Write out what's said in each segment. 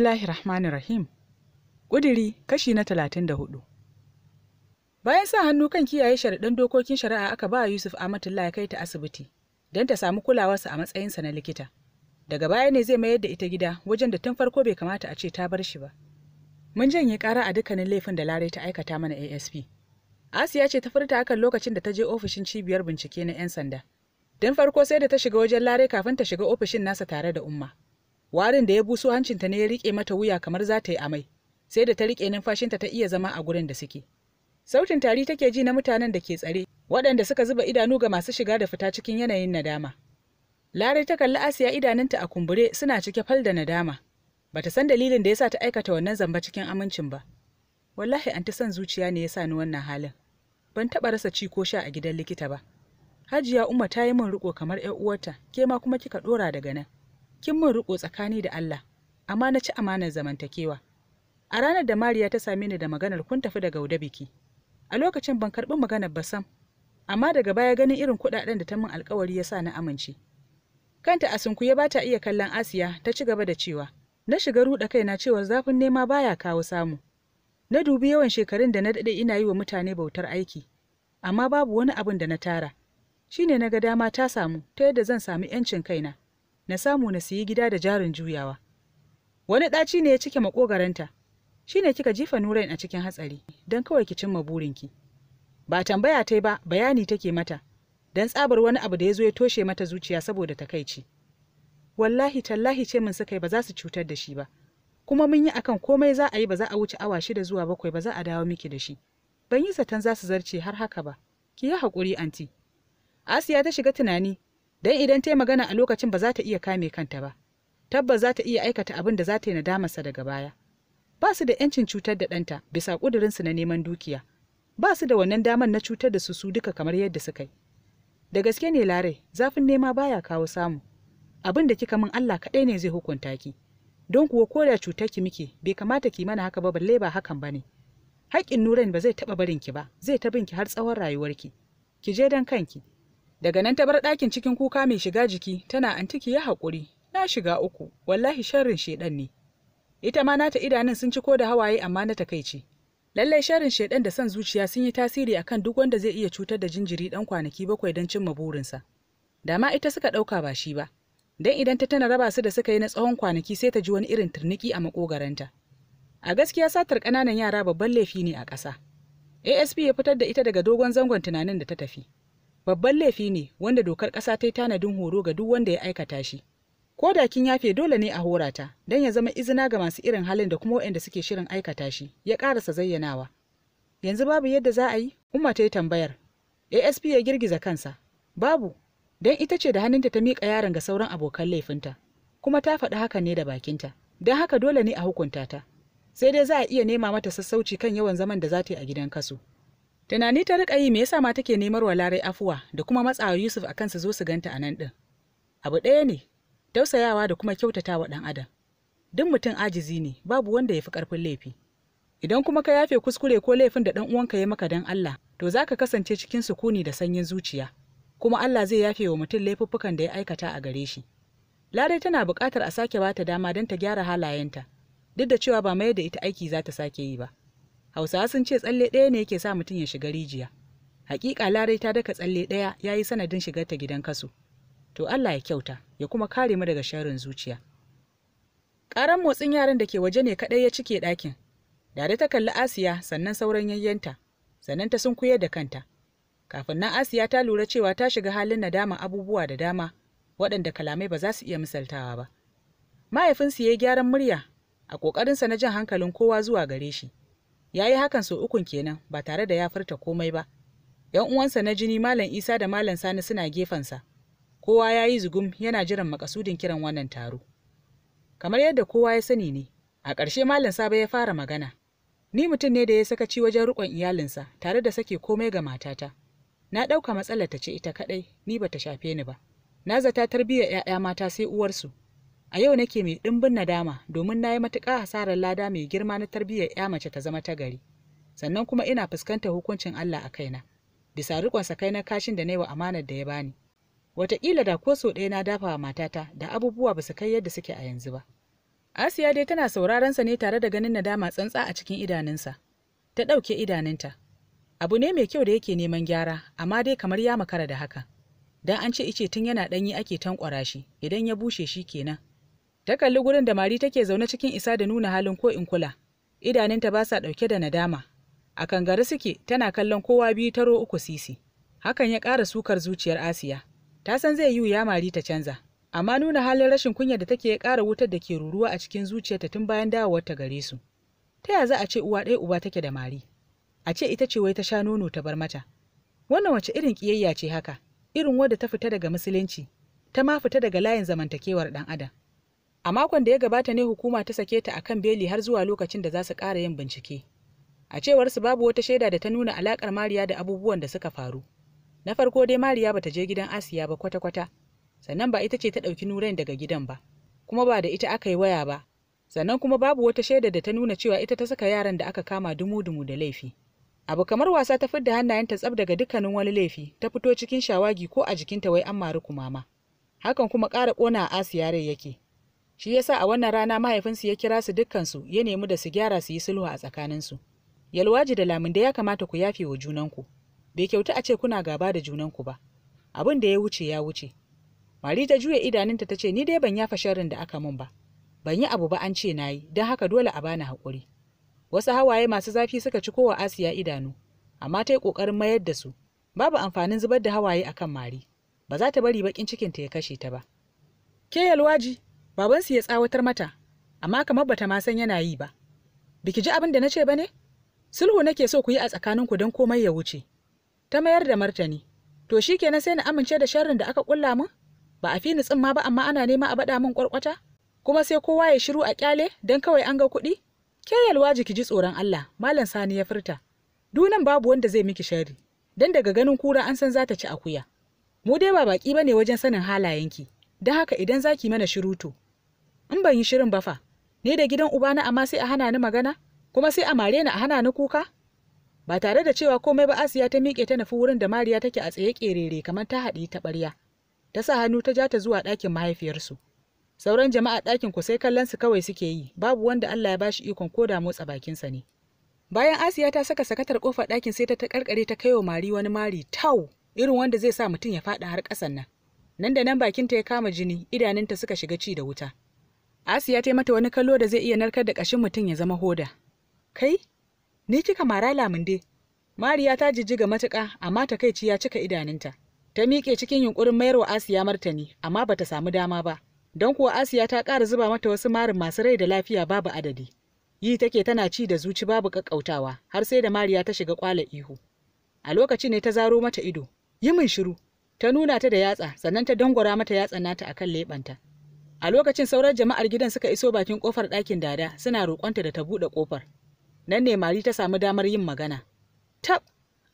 bismillahir Rahmanir Rahim. Ƙudiri kashi na talatin Bayan sa hannu kan kiyaye sharaɗin dokokin shari'a aka ba Yusuf Amatullah ya kai ta asibiti don ta samu kulawarsa a matsayinsa na likita. Daga baya ne zai mayar da ita gida wajen da tun farko bai kamata a ce ta bar shi ba. Mun janye ƙara a dukkanin laifin da Larai ta aikata mana ASP. Asiya ce ta furta hakan lokacin da ta je ofishin cibiyar bincike na 'yan sanda. Don farko sai da ta shiga wajen Larai kafin ta shiga ofishin nasa tare da Umma. warin da ya buso hancinta ne ya rike mata wuya kamar za ta yi amai sai da ta rike numfashinta ta iya zama a gurin da suke sautin tari take ji na mutanen da ke tsare waɗanda suka zuba idanu ga masu shiga da fita cikin yanayin nadama larai ta kalli asiya idanunta a kumbure suna cike fal da nadama bata san dalilin da ya sa ta aikata wannan zamba cikin amincin ba wallahi an ta son zuciya ne ya sa ni wannan halin ban taɓa rasa ci ko sha a gidan likita ba hajiya umma ta yi min riko kamar 'yar uwarta ke ma kuma kika ɗora daga nan kin mun riko tsakani da Allah amma na ci amanar zamantakewa a ranar da Mariya ta same ni da maganar kun tafi daga wuda biki a lokacin ban karɓi maganar ba sam amma daga baya ganin irin kuɗaɗen da ta min alkawari ya sa na amince kanta a ya ba ta iya kallon Asiya ta ci gaba da cewa na shiga ruɗa kaina cewa zafin nema baya kawo samu na dubi yawan shekarun da na daɗe ina yi wa mutane bautar aiki amma babu wani abin da na tara Shi ne na ga dama ta samu ta yadda zan samu 'yancin kaina na samu na siyi gida da jarin juyawa wani ɗaci ne ya cike makogaranta ne kika jifa nurain a cikin hatsari don kawai ki cimma burinki ba tambaya ta ba bayani take mata don tsabar wani abu da ya zo ya toshe mata zuciya saboda takaici wallahi tallahi ce min suka yi ba za su cutar da shi ba kuma mun yi akan komai za a yi ba za a wuce awa shida zuwa bakwai ba za a dawo miki da shi ban yi zaton za su zarce har haka ba ki yi hakuri, anti asiya ta shiga tunani don idan ta yi magana a lokacin ba za ta iya kame kanta ba tabbas za ta iya aikata abin da za ta yi nadamarsa daga baya ba su da 'yancin cutar da ɗanta bisa ƙudurinsu na neman dukiya ba su da wannan damar na cutar da su su duka kamar yadda suka yi da gaske ne larai zafin nema baya kawo samu abin da kika min Allah kaɗai ne zai hukunta ki don kuwa ko da cutar ki muke bai kamata ki mana haka ba balle ba hakan ba ne haƙƙin nuran ba zai taɓa barin ki ba zai ta bin ki har tsawon rayuwarki ki je don kanki daga nan ta bar ɗakin cikin kuka mai shiga jiki tana antiki ya haƙuri na shiga uku wallahi sharrin shaidan ne ita ma nata idanun sun ci ko da hawaye amma na takaici lallai sharrin shaidan da son zuciya sun yi tasiri akan duk wanda zai iya cutar da jinjiri dan kwanaki bakwai don cimma burinsa Dama ita suka ɗauka ba shi ba dan idan ta tana raba su da suka yi na tsawon kwanaki sai ta ji wani irin turniki a makogaranta a gaskiya satar ƙananan yara babban laifi ne a ƙasa asp ya fitar da ita daga dogon zangon tunanin da ta tafi babban laifi ne wanda dokar ƙasa ta yi tanadin horo ga duk wanda ya aikata shi ko da kin yafe dole ne a horata don ya zama izina ga masu irin halin da kuma waɗanda suke shirin aikata shi ya ƙarasa zayyanawa yanzu babu yadda za a yi umma ta yi tambayar asp ya girgiza kansa babu don ita ce da hannunta ta miƙa yaron ga sauran abokan laifinta kuma ta faɗi haka ne da bakinta don haka dole ne a hukunta ta sai dai za a iya nema mata sassauci kan yawan zaman da za ta yi a gidan kaso tunani ta rika yi me yasa ma take nemar wa larai afuwa da kuma matsawa yusuf akan su zo su ganta a nan din abu ɗaya ne tausayawa da kuma kyautata wa ɗan adam duk mutum ajizi ne babu wanda ya fi ƙarfin laifi idan kuma ka yafe kuskure ko laifin da ɗan uwanka ya maka don allah to za ka kasance cikin sukuni da sanyin zuciya kuma allah zai yafe wa mutum laifuffukan da ya aikata a gare shi larai tana buƙatar a sake bata dama don ta gyara halayenta duk da cewa ba mayar da ita aiki za ta sake yi ba hausawa sun ce tsalle ɗaya ne yake sa mutum ya shiga rijiya hakika larai ta daka tsalle ɗaya ya yi sanadin shigar ta gidan kaso to allah ya kyauta ya kuma kare mu daga sharrin zuciya Karan motsin yaran da ke waje ne kaɗai ya cike ɗakin dada ta kalli asiya sannan sauran yayyanta sannan ta sun kuye da kanta kafin nan asiya ta lura cewa ta shiga halin nadama abubuwa da dama waɗanda kalamai ba za su iya misaltawa ba mahaifinsu ya yi gyaran murya a ƙoƙarinsa na jan hankalin kowa zuwa gare shi ya yi hakan sau ukun kenan ba tare da ya furta komai ba yan uwansa na jini malam isa da malam sani suna gefensa kowa ya yi zugum yana jiran makasudin kiran wannan taro kamar yadda kowa ya sani ne a ƙarshe malam sabo ya fara magana ni mutum ne da ya sakaci wajen riƙon iyalinsa tare da sake komai ga matata na ɗauka matsalar ta ce ita kaɗai ni bata shafe ni ba na zata tarbiyyar 'ya'ya mata sai uwarsu a yau nake mai ɗimbin nadama domin na yi matuƙa hasarar lada mai girma na tarbiyyar ya mace ta zama ta gari sannan kuma ina fuskantar hukuncin Allah a kaina bisa riƙon sakai na kashin da na yi wa amanar da ya bani wataƙila da ko sau ɗaya na dafa wa matata da abubuwa ba su kai yadda suke a yanzu ba Asiya dai tana sauraron sa ne tare da ganin nadama tsantsa a cikin idanunsa. Ta ɗauke idanunta. Abu ne mai kyau da yake neman gyara, amma dai kamar ya makara da haka. Dan an ce ice tun yana ɗanyi ake tankwara shi, idan ya bushe shi kenan. ta kalli gurin da mari take zaune cikin isa da nuna halin ko in kula idanunta ba sa ɗauke da nadama a kangare suke tana kallon kowa biyu taro uku sisi hakan ya ƙara sukar zuciyar asiya ta san zai yi ya mari ta canza amma nuna halin rashin kunya da take ya ƙara wutar da ke ruruwa a cikin zuciyarta tun bayan dawowar ta gare su ta ya za a ce uwa ɗaya uba take da mari a ce ita ce wai ta sha nono ta bar mata wannan wace irin ƙiyayya ce haka irin wadda ta fita daga musulunci ta ma fita daga layin zamantakewar ɗan adam a makon da ya gabata ne hukuma ta sake ta akan beli har zuwa lokacin da za su ƙara yin bincike a cewar su babu wata shaida da ta nuna alaƙar mariya da abubuwan da suka faru na farko dai mariya bata je gidan asiya ba kwata-kwata sannan ba ita ce ta ɗauki nurain daga gidan ba kuma ba da ita aka yi waya ba sannan kuma babu wata shaida da ta nuna cewa ita ta saka yaran da aka kama dumu-dumu da laifi abu kamar wasa ta fidda hannayenta tsab daga dukkanin wani laifi ta fito cikin shawagi ko a jikinta wai an mari kumama hakan kuma ƙara ƙona a asiya rai yake shi yasa a wannan rana mahaifinsu ya kira su dukkansu ya nemi da su gyara su yi sulhu a tsakaninsu yalwaji da lamin da ya kamata ku yafe wa junanku bai kyauta a ce kuna gaba da junanku ba abin da ya wuce ya wuce mari ta juya idanunta ta ce ni dai ban yafa sharrin da aka mun ba ban yi abu ba an ce na yi don haka dole a bani hakuri. wasu hawaye masu zafi suka ci kowa asiya idanu amma ta yi ƙoƙarin mayar da su babu amfanin zubar da hawaye akan mari ba za ta bari baƙin cikinta ya kashe ta ba ke yalwaji babansu ya tsawatar mata amma kamar bata ma san yana yi ba biki ji abin da na ce ba ne sulhu nake so ku yi a tsakaninku don komai ya wuce ta mayar da martani to shi na sai na amince da sharrin da aka kulla min ba a fi nutsin ma ba amma ana nema a baɗa min kwarkwata kuma sai kowa ya shiru a kyale don kawai an ga kuɗi ke yalwa jiki ji tsoron Allah malam sani ya furta dunan babu wanda zai miki sharri dan daga ganin kura an san za ta ci akuya mu dai ba baki ne wajen sanin halayenki da haka idan za ki mana shiru to in ban yi shirin ba fa ni da gidan ubana amma sai a hana ni magana kuma sai a mare ni a hana ni kuka ba tare da cewa komai ba asiya ta miƙe ta nufi wurin da mariya take a tsaye ƙerere kamar ta haɗi ta ɓarya ta sa hannu ta ja ta zuwa ɗakin mahaifiyarsu sauran jama'a ɗakin ku sai kallon su kawai suke yi babu wanda allah ya bashi ikon ko da motsa bakinsa ne bayan asiya ta saka sakatar kofar ɗakin sai ta ta karkare ta kaiwa mari wani mari tau irin wanda zai sa mutum ya faɗa har ƙasan nan nan da nan ta ya kama jini idanunta suka shiga ci da wuta asiya ta yi mata wani kallo da zai iya narkar da ƙashin mutum ya zama hoda kai ni kika mara lamunde mariya ta jijjiga matuƙa amma ta takaici ya cika idanunta ta miƙe cikin yunkurin mayar wa asiya martani amma bata samu dama ba don kuwa asiya ta ƙara zuba mata wasu marin masu rai da lafiya babu adadi yi take tana ci da zuci babu ƙaƙƙautawa har sai da mariya ta shiga kwala ihu a lokaci ne ta zaro mata ido yi min shiru ta nuna ta da yatsa sannan ta dangwara mata yatsa nata akan leɓanta a lokacin sauran jama'ar gidan suka iso bakin kofar ɗakin dada suna roƙonta da ta buɗe kofar nan ne mari ta samu damar yin magana tab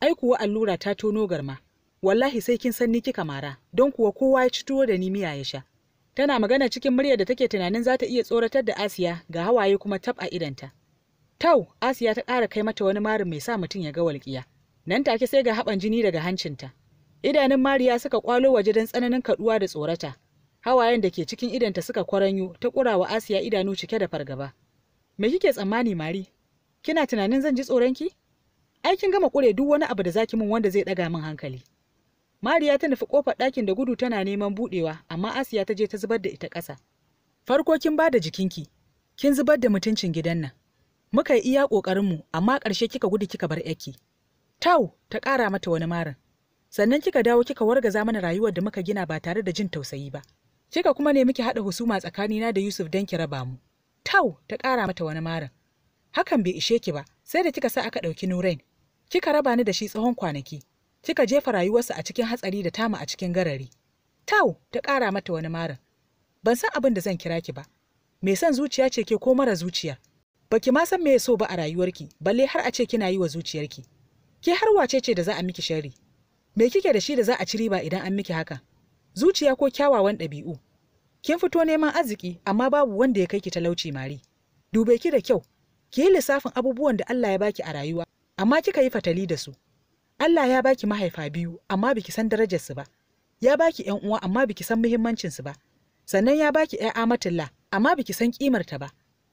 ai kuwa allura ta tono garma wallahi sai kin san ni kika mara don kuwa kowa ya ci tuwo da ni miya ya sha tana magana cikin murya da take tunanin za ta iya tsoratar da asiya ga hawaye kuma tab a idanta tau asiya ta ƙara kai mata wani marin mai sa mutum ya ga walƙiya nan take sai ga haɓan jini daga hancinta idanun mariya suka kwalo waje don tsananin kaduwa da tsorata hawayen da ke cikin idanta suka kwaranyo ta kurawa asiya idanu cike da fargaba me kike tsammani mari kina tunanin zan ji tsoronki ai kin gama kure duk wani abu da zaki min wanda zai daga min hankali mariya ta nufi kofar ɗakin da gudu tana neman budewa amma asiya ta je ta zubar da ita ƙasa farko kin bada jikinki kin zubar da mutuncin gidan nan muka yi iya ƙoƙarinmu amma ƙarshe kika gudu kika bar yaki tau ta ƙara mata wani marin sannan kika dawo kika warga zamanin rayuwar da muka gina ba tare da jin tausayi ba kika kuma ne miki haɗa husuma tsakanina da Yusuf dan ki raba mu tau ta kara mata wani marin hakan bai ishe ki ba sai da kika sa aka ɗauki Nurain kika raba ni da shi tsawon kwanaki kika jefa rayuwarsa a cikin hatsari da tama a cikin garari tau ta kara mata wani marin ban san abin da zan kira ki ba me son zuciya ce ke ko mara zuciya baki ma san me so ba a rayuwarki balle har a ce kina yi wa zuciyarki ke har wace ce da za a miki shari me kike da shi da za a ci riba idan an miki haka zuciya ko kyawawan ɗabi'u kin fito neman arziki amma babu wanda ya kai ki talauci mari dube ki da kyau ki yi lissafin abubuwan da Allah ya baki a rayuwa amma kika yi fatali da su Allah ya baki mahaifa biyu amma biki san darajar su ba ya baki ƴan uwa amma biki san muhimmancin su ba sannan ya baki ƴaƴa amatilla, amma biki san kimar ta ba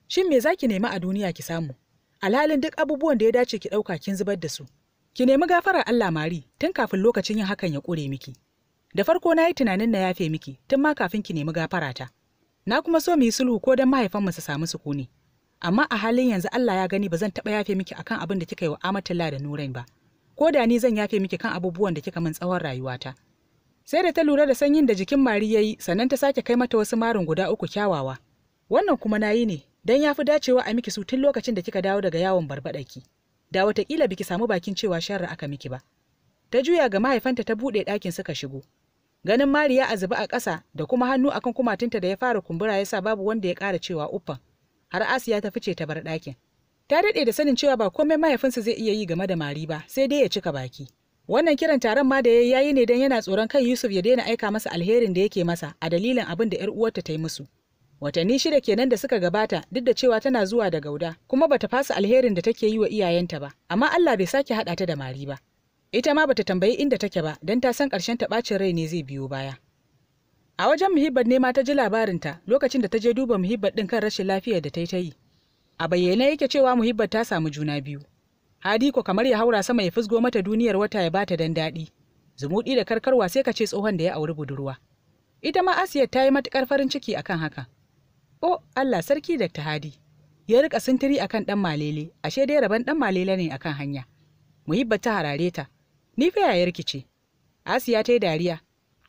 shin me zaki nemi a duniya ki samu alhalin duk abubuwan da ya dace ki ɗauka kin zubar da su Ki nemi gafara Allah Mari tun kafin lokacin yin hakan ya ƙure miki. Da farko na yi tunanin na yafe miki tun ma kafin ki nemi gafara ta. Na kuma so mu yi sulhu ko don mahaifanmu su samu sukuni. Amma a halin yanzu Allah ya gani ba zan taɓa yafe miki akan abin da kika yi wa Amatullah da Nurain ba. Ko da ni zan yafe miki kan abubuwan da kika min tsawon rayuwata. Sai da ta lura da sanyin da jikin Mari ya yi sannan ta sake kai mata wasu marin guda uku kyawawa. Wannan kuma na yi ne don ya fi dacewa a miki su tun lokacin da kika dawo daga yawon barbaɗaki. da watakila biki samu bakin cewa sharra aka miki ba ta juya ga mahaifanta ta buɗe ɗakin suka shigo ganin mariya a zuba a ƙasa da kuma hannu akan kumatinta da ya fara kumbura yasa babu wanda ya ƙara cewa uffan har asiya ta fice ta bar ɗakin ta daɗe da sanin cewa ba komai mahaifinsa zai iya yi game da mari ba sai dai ya cika baki wannan kiran taron ma da ya yayi ne don yana tsoron kan yusuf ya daina aika masa alherin da yake masa a dalilin abin da 'yar uwarta ta yi musu watanni shida kenan da suka gabata duk da cewa tana zuwa da gauda kuma bata fasa alherin da take yi wa iyayenta ba amma Allah bai sake hada ta da mari ba ita ma bata tambayi inda take ba dan ta san karshen ta bacin rai ne zai biyo baya a wajen muhibbar ne ma ta ji labarin ta lokacin da ta je duba muhibbar ɗin kan rashin lafiyar da ta yi ta yi a bayyane yake cewa muhibbar ta samu juna biyu hadiko kamar ya haura sama ya fusgo mata duniyar wata ya bata dan daɗi zumuɗi da karkarwa sai ka ce tsohon da ya auri budurwa ita ma asiyar ta yi matukar farin ciki akan haka o allah sarki da hadi ya rika sintiri akan ɗan malele ashe dai rabon ɗan malele ne akan hanya muhibba ta harare ta ni fa yayar ce asiya ta yi dariya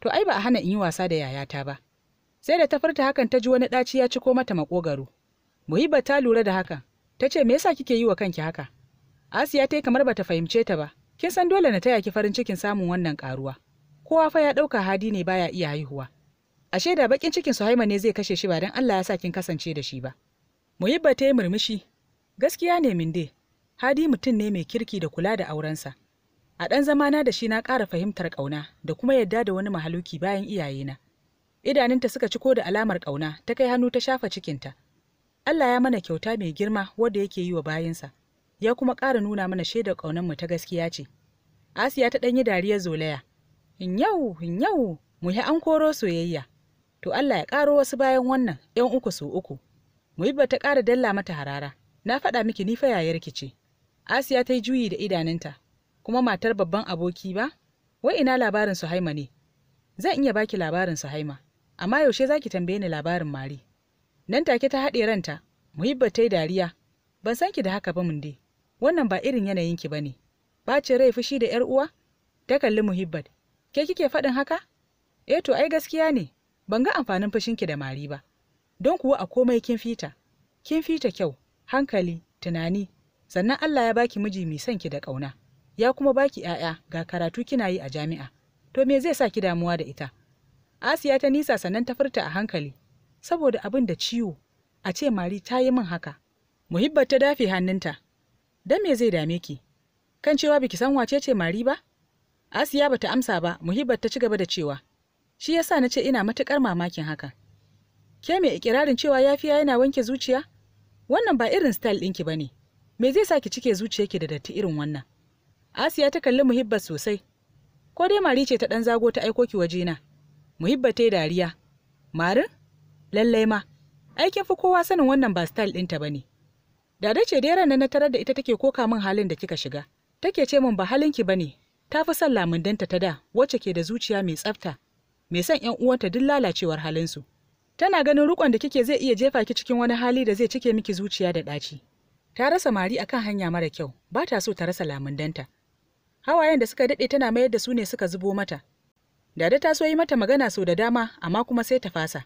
to ai ba a hana in yi wasa da yayata ba sai da ta furta hakan ta ji wani ɗaci ya ciko mata makogaro muhibba ta lura da hakan ta ce me yasa kike yi wa kanki haka asiya ta yi kamar bata fahimce ta ba kin san dole na taya ki farin cikin samun wannan karuwa kowa fa ya ɗauka hadi ne baya iya haihuwa ashe da bakin cikin Suhaima ne zai kashe shi ba dan Allah ya sa kin kasance da shi ba Muhibba ta yi murmushi gaskiya ne minde Hadi mutum ne mai kirki da kula da aurensa a dan zamana da shi na ƙara fahimtar ƙauna da kuma yadda da wani mahaluki bayan iyayena idanunta suka ci ko da alamar ƙauna ta kai hannu ta shafa cikinta Allah ya mana kyauta mai girma wadda yake yi wa bayansa ya kuma ƙara nuna mana shaidar mu ta gaskiya ce Asiya ta ɗanyi dariyar zolaya. In yau, in yau, mu yi an koro soyayya. to Allah ya ƙaro wasu bayan wannan ‘yan uku su uku. ba ta ƙara dalla mata harara, na faɗa miki ni fa yayarki ce. Asiya ta yi juyi da idanunta, kuma matar babban aboki ba? Wai ina labarin Suhaima ne? Zan iya baki labarin su haima, amma yaushe zaki tambaye ni labarin mari. Nan take ta haɗe ranta, muhibba ta yi dariya, ban san ki da haka ba mun dai, wannan ba irin yanayinki ba ne. Bacin rai fushi da ‘yar uwa? Ta kalli muhibbat, ke kike faɗin haka? Eh to ai gaskiya ne, ban ga amfanin ki da mari ba don kuwa a komai kin fita kin fita kyau hankali tunani sannan Allah ya baki miji mai son ki da ƙauna ya kuma baki 'ya'ya ga karatu kina yi a jami'a to me zai sa ki damuwa da ita Asiya ta nisa sannan ta furta a hankali saboda abin da ciwo a ce mari ta yi min haka muhibbat ta dafe hannunta dan me zai dame ki kan cewa biki san wace ce mari ba Asiya bata amsa ba muhibbat ta ci gaba da cewa shi ya sa na ce ina matuƙar mamakin haka ke mai ikirarin cewa yafiya yana wanke zuciya wannan ba irin style ɗinki ba ne me zai sa ki cike zuciyarki da datti irin wannan asiya ta kalli muhibba sosai ko dai mari ce ta ɗan zago ta aiko ki wajena muhibba ta dariya marin lallai ma aikin fi kowa sanin wannan ba style ɗinta ba ne dada ce da yaran na tarar da ita take koka min halin da kika shiga take ce min ba halinki ba ne ta fi son lamundanta ta da wacce ke da zuciya mai tsafta mai son yan uwanta duk lalacewar halinsu tana ganin rukon da kike zai iya jefa ki cikin wani hali da zai cike miki zuciya da ɗaci ta rasa mari akan hanya mara kyau ba ta so ta rasa lamundanta hawayen da suka daɗe tana mayar da su ne suka zubo mata dada ta so yi mata magana sau da dama amma kuma sai ta fasa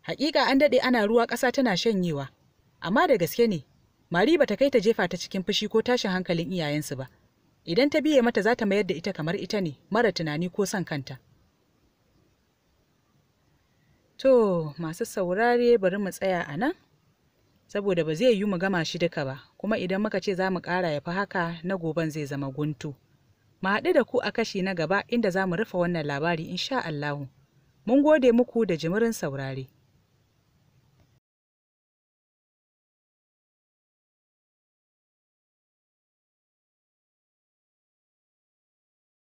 hakika an daɗe ana ruwa ƙasa tana shanyewa amma da gaske ne mari bata kai ta jefa ta cikin fushi ko tashin hankalin iyayensu ba idan ta biye mata za ta mayar da ita kamar ita ne mara tunani ko son kanta to masu saurare bari mu tsaya a nan saboda ba zai yi mu gama shi duka ba kuma idan muka ce za mu ƙara ya fi haka na goben zai zama guntu mu haɗu da ku a kashi na gaba inda za mu rufe wannan labari insha Allahu mun gode muku da jimirin saurare